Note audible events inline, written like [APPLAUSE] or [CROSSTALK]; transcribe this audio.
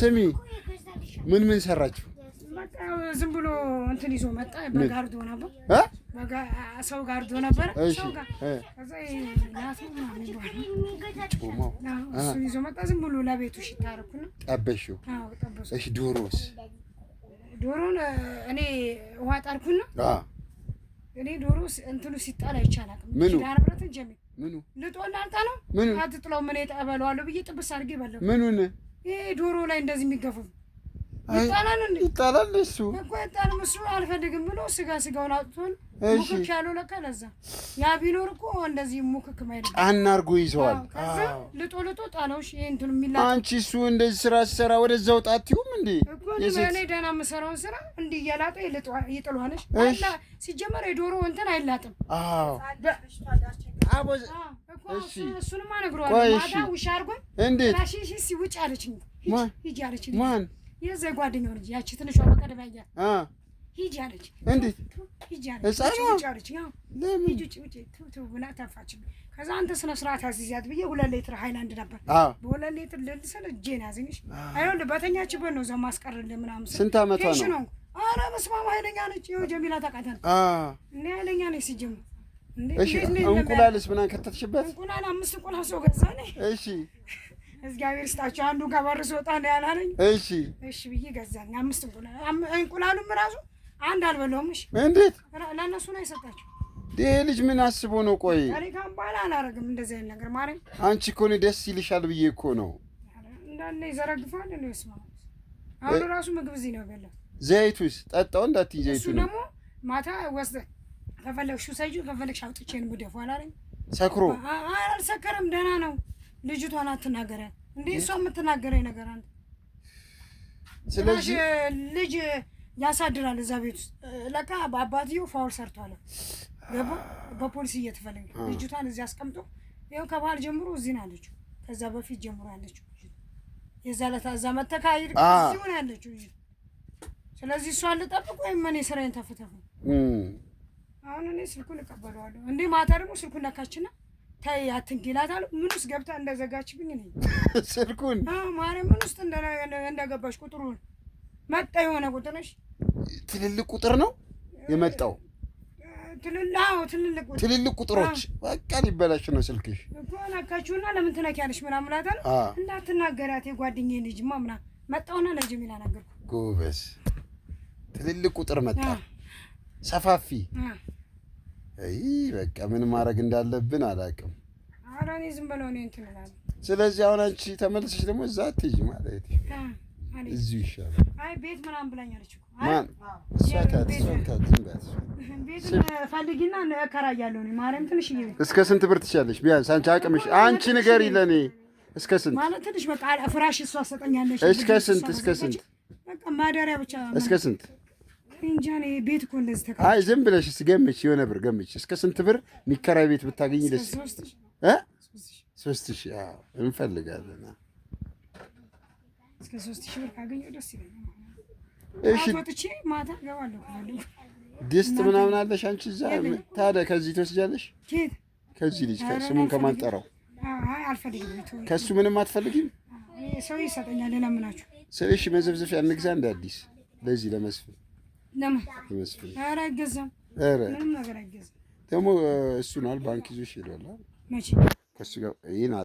ስሚ፣ ምን ምን ሰራችሁ? ዝም ብሎ እንትን ይዞ መጣ። በግ አርዶ ነበር፣ ሰው ጋር አርዶ ነበረ። ይዞ መጣ። ዝም ብሎ ለቤቱ ሽታ አደረኩና ጠበሽው። እሺ፣ ዶሮስ? ዶሮን እኔ ውሃ ጣርኩና እኔ ዶሮ እንትኑ ሲጣል አይቻልም። ምኑ ዳንብረትን ጀሚል ምኑ ልጦና አልጣ ነው ምኑ አትጥለው ምን እጠበለዋለሁ ብዬ ጥብስ አድርጌ በለው። ምኑን ይሄ ዶሮ ላይ እንደዚህ የሚገፉ ይጣላል ይጣላል እሱ እኮ ይጣላል። እሱ አልፈልግም ብሎ ስጋ ስጋውን አውጥቶን ሙክክ ያለው ለካ ለዛ ያ ቢኖር እኮ እንደዚህ ሙክክ ማይደል ጫና አድርጎ ይዘዋል። ከዛ ልጦ ልጦ ጣለው። እሺ ይሄ እንትኑ የሚላ አንቺ እሱ እንደዚህ ስራ ሲሰራ ወደዛው ጣትዩም እንዴ እኔ ደህና የምሰራውን ስራ እንዲህ እያላጠ ይጥሏል። ሲጀመር የዶሮ እንትን አይላጥም። አዎ አቦ እሺ፣ እሱንማ እነግረዋለሁ። ውሻ አድርጎኝ እንዴት ውጭ አለችኝ። ሂጂ አለችኝ። ማን የእዛ የጓደኛው ልጅ ያቺ ትንሿ በቀደም ያያት ሂጂ እንዴት ሂጂ ሂጂ ውጭ ብላ ተፋችኝ። ከዛ አንተ ስነ ስርዓት አስይዛት ብዬ ሁለት ሌትር ሀይላንድ ነበር በሁለት ሌትር ልልሰል እጄን ያዘኝሽ። ይኸውልህ በተኛችበት ነው እዛው ማስቀርልህ ምናምን ስንት አመቷ ነው? አረ በስመ አብ ነች። ይኸው ጀሚላ ታውቃታለህ። እና ሀይለኛ ነች ሲጀምር እሺ እንቁላልስ ምናምን ከተትሽበት እንቁላል አምስት እንቁላል ሰው ገዛ ነኝ። እሺ እግዚአብሔር ይስጣቸው። አንዱ ከበር ስወጣ እንዳያላለኝ እሺ እሺ ብዬ ገዛኝ አምስት እንቁላል። እንቁላሉም ራሱ አንድ አልበለውም። እሺ እንዴት ለእነሱ ነው የሰጣቸው? ይሄ ልጅ ምን አስቦ ነው? ቆይ ታሪካም በኋላ አላረግም እንደዚህ አይነት ነገር ማርያም። አንቺ እኮ እኔ ደስ ይልሻል ብዬ እኮ ነው እንዳለ ይዘረግፋል። ነው ስማ አሁን ራሱ ምግብ እዚህ ነው ያገለ ዘይቱስ ጠጣው እንዳትይ ዘይቱ ደግሞ ማታ ወስደህ ከፈለግሽ ውሰጂው ከፈለግሽ አውጥቼ እንቡደፉ አላለኝ። ሰክሮ አልሰከረም፣ ደህና ነው። ልጅቷን አትናገሪያት እንዴ! እሷ የምትናገረኝ ነገር አለ። ስለዚህ ልጅ ያሳድራል እዛ ቤት ውስጥ ለካ በአባትየው ፋውል ሰርቷል። በፖሊስ እየተፈለገ ልጅቷን እዚህ አስቀምጦ ይኸው ከባህል ጀምሮ እዚህ ነው ያለችው። ከዛ በፊት ጀምሮ ያለችው የዛ ለታ እዛ መተካሄድ እዚሁ ነው ያለችው። ስለዚህ እሷን ልጠብቅ ወይም እኔ ስራዬን ተፍተፉ አሁን እኔ ስልኩን እቀበለዋለሁ። እንዴ ማታ ደግሞ ስልኩን ነካችና ተይ አትንኪላታለሁ። ምን ውስጥ ገብታ እንደዘጋችብኝ እኔ [LAUGHS] ስልኩን ማርያም ምን ውስጥ እንደገባች ቁጥሩን መጣ የሆነ ቁጥር ነሽ ትልልቅ ቁጥር ነው የመጣው ትልልቅ ቁጥሮች በቃ ሊበላሽ ነው ስልክሽ እኮ ነካችሁና፣ ለምን ትነኪያለሽ ምናምን እላታለሁ። እንዳትናገሪያት የጓደኛዬ ልጅማ ምናምን መጣሁና ለጀሚላ ነገርኩ። ጎበዝ ትልልቅ ቁጥር መጣ ሰፋፊ አይ በቃ ምን ማድረግ እንዳለብን አላውቅም። ዝም ብለው እንትን ስለዚህ አሁን አንቺ ተመልሰሽ ደግሞ እዛ አትሄጂ ማለት እዚሁ ይሻላል። አይ ቤት ምናምን ብላኛለች እኮ ማን ዝም ብያት ቤት ፈልጊና እከራያለሁ እኔ ማርያም። እስከ ስንት ብር ትችያለሽ? ቢያንስ አንቺ አቅምሽ አንቺ ንገሪ ለኔ እስከ ስንት ማለት ትንሽ በቃ ፍራሽ እሷ ሰጠኛለች። እስከ ስንት እስከ ስንት በቃ ማደሪያ ብቻ እስከ ስንት አይ ዝም ብለሽ ገምች፣ የሆነ ብር ገምች። እስከ ስንት ብር የሚከራይ ቤት ብታገኝ ደስ ሶስት ሺህ እንፈልጋለን። ድስት ምናምን አለሽ አንቺ እዛ። ታዲያ ከዚህ ትወስጃለሽ? ከዚህ ልጅ ስሙን ከእሱ ምንም አትፈልጊም? ሰው ይሰጠኛል። ለምናችሁ ስለሽ መዘብዘፊያ እንግዛ እንደ አዲስ ለዚህ ለመስፍን ለምን ኧረ አይገዛም። ኧረ ምንም ነገር አይገዛም። ደግሞ እሱን አል ባንክ ይዞሽ ሄዷል። መቼ ከእሱ ጋር ይሄን